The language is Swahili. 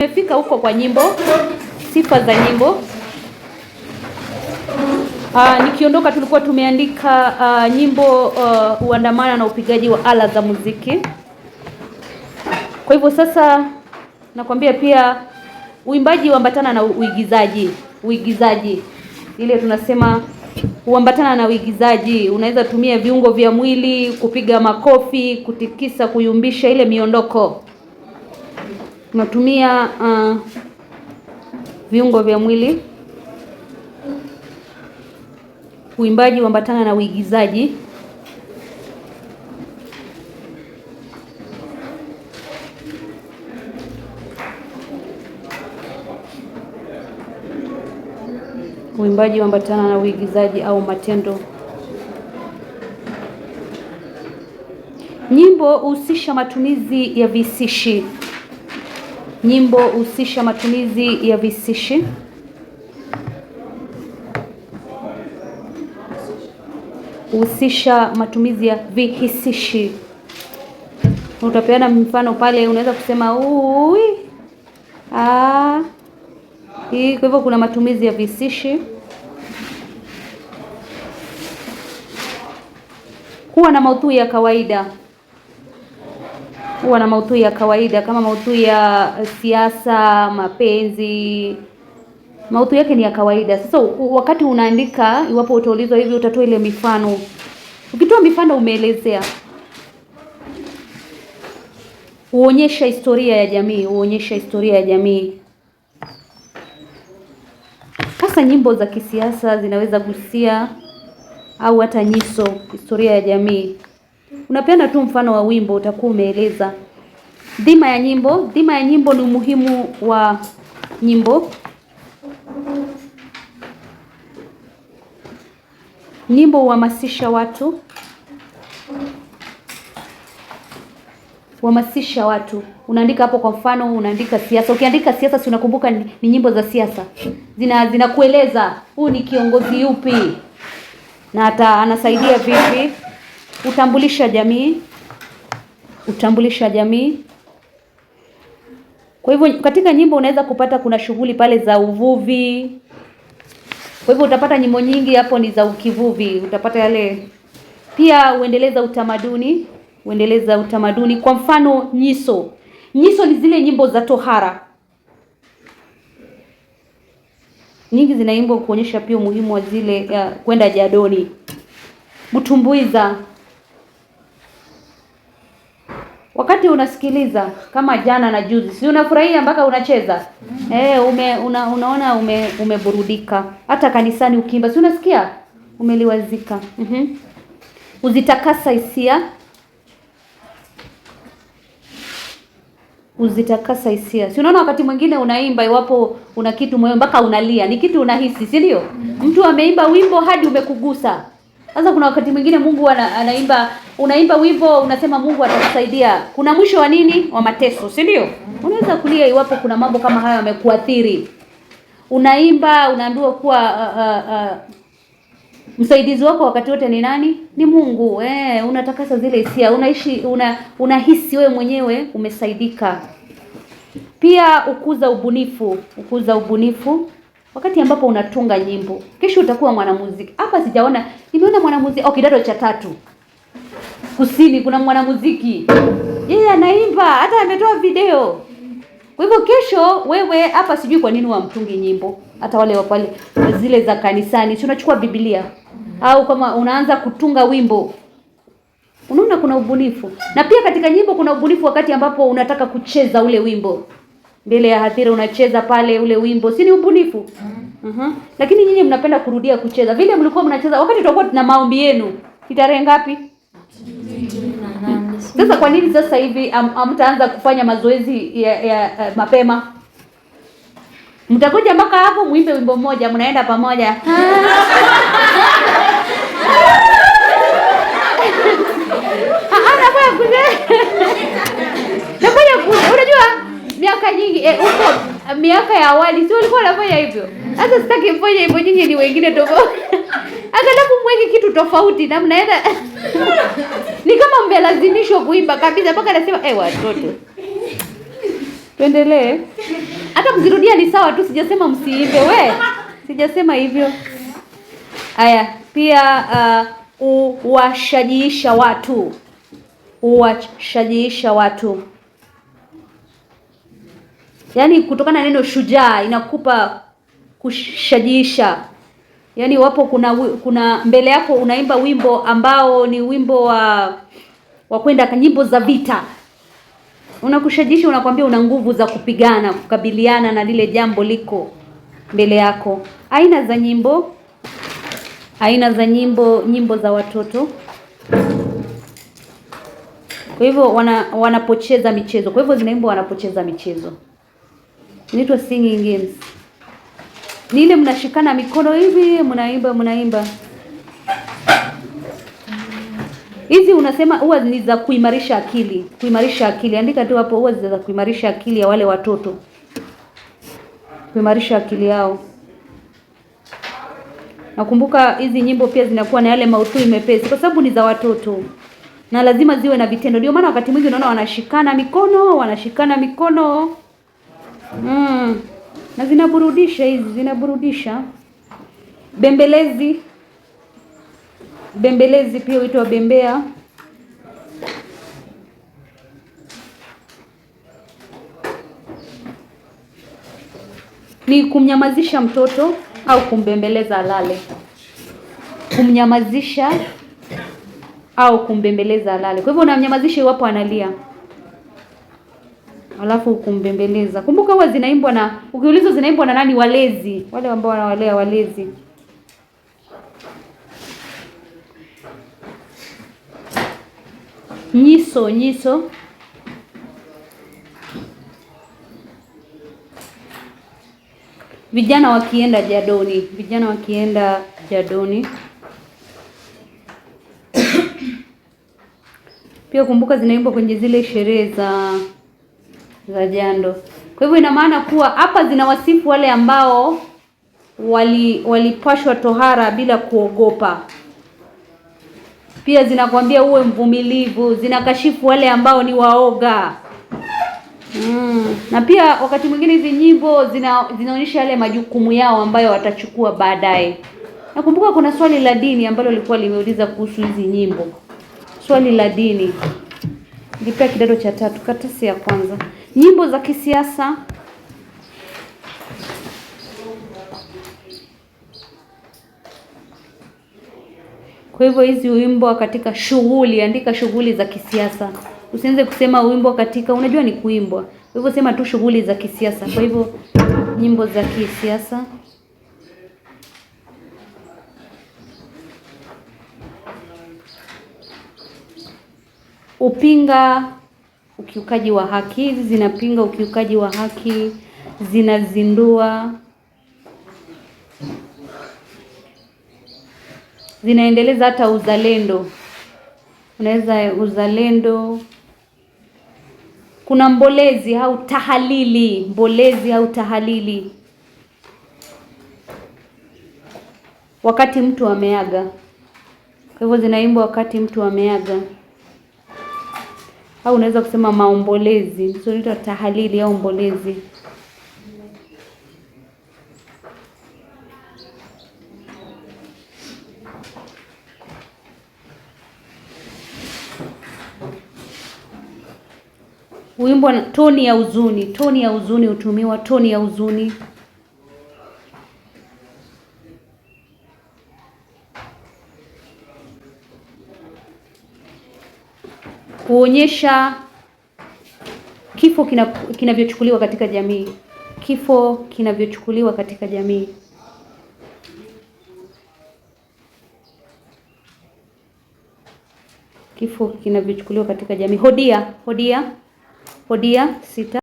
Tumefika huko kwa nyimbo, sifa za nyimbo. Aa, ah, nikiondoka tulikuwa tumeandika uh, nyimbo uh, ah, huandamana na upigaji wa ala za muziki. Kwa hivyo sasa nakwambia pia uimbaji huambatana na uigizaji. Uigizaji ile tunasema huambatana na uigizaji. Unaweza tumia viungo vya mwili kupiga makofi, kutikisa, kuyumbisha ile miondoko tunatumia uh, viungo vya mwili, uimbaji huambatana na uigizaji. Uimbaji huambatana na uigizaji au matendo. Nyimbo huhusisha matumizi ya visishi. Nyimbo husisha matumizi ya visishi. Husisha matumizi ya vihisishi. Utapeana mfano pale, unaweza kusema ui, aa, hii. Kwa hivyo kuna matumizi ya vihisishi. Kuwa na maudhui ya kawaida huwa na maudhui ya kawaida kama maudhui ya siasa, mapenzi, maudhui yake ni ya kawaida. Sasa wakati unaandika, iwapo utaulizwa hivi, utatoa ile mifano. Ukitoa mifano, umeelezea, huonyesha historia ya jamii, huonyesha historia ya jamii. Hasa nyimbo za kisiasa zinaweza gusia, au hata nyiso, historia ya jamii. Unapeana tu mfano wa wimbo, utakuwa umeeleza dhima ya nyimbo. Dhima ya nyimbo ni umuhimu wa nyimbo. Nyimbo huhamasisha watu, huhamasisha watu. Unaandika hapo, kwa mfano unaandika siasa. Ukiandika siasa, si unakumbuka ni, ni nyimbo za siasa zina zinakueleza huyu ni kiongozi yupi na hata anasaidia vipi. Utambulisho wa jamii, utambulisho wa jamii. Kwa hivyo katika nyimbo unaweza kupata kuna shughuli pale za uvuvi. Kwa hivyo utapata nyimbo nyingi hapo ni za ukivuvi, utapata yale pia. Uendeleza utamaduni, uendeleza utamaduni. Kwa mfano nyiso, nyiso ni zile nyimbo za tohara nyingi zinaimbwa kuonyesha pia umuhimu wa zile kwenda jadoni, mtumbuiza Wakati unasikiliza kama jana na juzi, si unafurahia mpaka unacheza mm. Eh, ume, una, unaona ume, umeburudika. Hata kanisani ukiimba, si unasikia umeliwazika. mm -hmm. Uzitakasa hisia, uzitakasa hisia. Si unaona wakati mwingine unaimba, iwapo una kitu moyo mpaka unalia, ni kitu unahisi, si ndio? mm -hmm. Mtu ameimba wimbo hadi umekugusa. Sasa kuna wakati mwingine Mungu ana, anaimba unaimba wimbo unasema Mungu atakusaidia, kuna mwisho wa nini? Wa mateso, si ndio? Unaweza kulia iwapo kuna mambo kama hayo yamekuathiri. Unaimba unaambiwa kuwa uh, uh, uh, msaidizi wako wakati wote ni nani? Ni Mungu. Eh, unatakasa zile hisia, unaishi una unahisi wewe mwenyewe umesaidika. Pia ukuza ubunifu, ukuza ubunifu wakati ambapo unatunga nyimbo, kesho utakuwa mwanamuziki. Hapa sijaona, nimeona mwanamuziki au oh, kidato cha tatu kusini kuna mwanamuziki yeye yeah, anaimba hata ametoa video. Kwa hivyo kesho wewe hapa, sijui kwa nini wamtungi nyimbo, hata wale wa pale zile za kanisani, si unachukua Biblia au kama unaanza kutunga wimbo. Unaona kuna ubunifu, na pia katika nyimbo kuna ubunifu wakati ambapo unataka kucheza ule wimbo mbele ya hadhira, unacheza pale ule wimbo, si ni ubunifu? Uh-huh. Lakini nyinyi mnapenda kurudia kucheza vile mlikuwa mnacheza wakati tutakuwa tuna maombi yenu. Ni tarehe ngapi? Sasa kwa nini sasa hivi hamtaanza kufanya mazoezi ya, ya, ya eh, mapema? Mtakuja mpaka hapo mwimbe wimbo mmoja, mnaenda pamoja Unajua miaka nyingi huko, eh, miaka ya awali sio walikuwa wanafanya hivyo. Sasa sitaki mfanye hivyo, nyinyi ni wengine tofauti Aghalabu mweke kitu tofauti na mnaenda ni kama mmelazimishwa kuimba kabisa mpaka nasema eh, watoto. Tuendelee. Hata mkirudia ni sawa tu, sijasema msiimbe we. Sijasema hivyo. Aya, pia uh, uwashajiisha watu. Uwashajiisha watu. Yaani kutokana na neno shujaa inakupa kushajiisha yani wapo kuna kuna mbele yako unaimba wimbo ambao ni wimbo wa wa kwenda nyimbo za vita, unakushajishi unakwambia una nguvu za kupigana, kukabiliana na lile jambo liko mbele yako. Aina za nyimbo, aina za nyimbo, nyimbo za watoto. Kwa hivyo wana, wanapocheza michezo, kwa hivyo zinaimbwa wanapocheza michezo, inaitwa singing games ni ile mnashikana mikono hivi mnaimba mnaimba hizi unasema huwa ni za kuimarisha akili, kuimarisha akili. Andika tu hapo, huwa za kuimarisha akili ya wale watoto, kuimarisha akili yao. Nakumbuka hizi nyimbo pia zinakuwa na yale maudhui mepesi, kwa sababu ni za watoto na lazima ziwe na vitendo. Ndio maana wakati mwingi unaona wanashikana mikono, wanashikana mikono mm na zinaburudisha hizi, zinaburudisha. Bembelezi, bembelezi pia huitwa bembea. Ni kumnyamazisha mtoto au kumbembeleza alale. Kumnyamazisha au kumbembeleza alale. Kwa hivyo unamnyamazisha iwapo analia alafu kumbembeleza. Kumbuka huwa zinaimbwa na, ukiulizwa zinaimbwa na nani? Walezi, wale ambao wanawalea walezi. Nyiso, nyiso vijana wakienda jadoni, vijana wakienda jadoni. Pia kumbuka zinaimbwa kwenye zile sherehe za za jando. Kwa hivyo ina maana kuwa hapa zinawasifu wale ambao wali walipashwa tohara bila kuogopa. Pia zinakwambia uwe mvumilivu, zinakashifu wale ambao ni waoga. Mm. Na pia wakati mwingine hizi nyimbo zina, zinaonyesha yale majukumu yao ambayo watachukua baadaye. Nakumbuka kuna swali la dini ambalo lilikuwa limeuliza kuhusu hizi nyimbo. Swali la dini. Lipea kidato cha tatu, karatasi ya kwanza, nyimbo za kisiasa. Kwa hivyo hizi wimbo katika shughuli, andika shughuli za kisiasa. Usianze kusema wimbo katika, unajua ni kuimbwa, kwa hivyo sema tu shughuli za kisiasa. Kwa hivyo nyimbo za kisiasa upinga ukiukaji wa haki. Hizi zinapinga ukiukaji wa haki, zinazindua, zinaendeleza hata uzalendo. Unaweza uzalendo. Kuna mbolezi au tahalili, mbolezi au tahalili wakati mtu ameaga. Kwa hivyo zinaimbwa wakati mtu ameaga au unaweza kusema maombolezi, ndizo zinaitwa tahalili au ombolezi. Wimbo toni ya huzuni, toni ya huzuni hutumiwa, toni ya huzuni kuonyesha kifo kinavyochukuliwa kina katika jamii, kifo kinavyochukuliwa katika jamii. Kifo kinavyochukuliwa katika jamii. Hodia, hodia, hodia sita.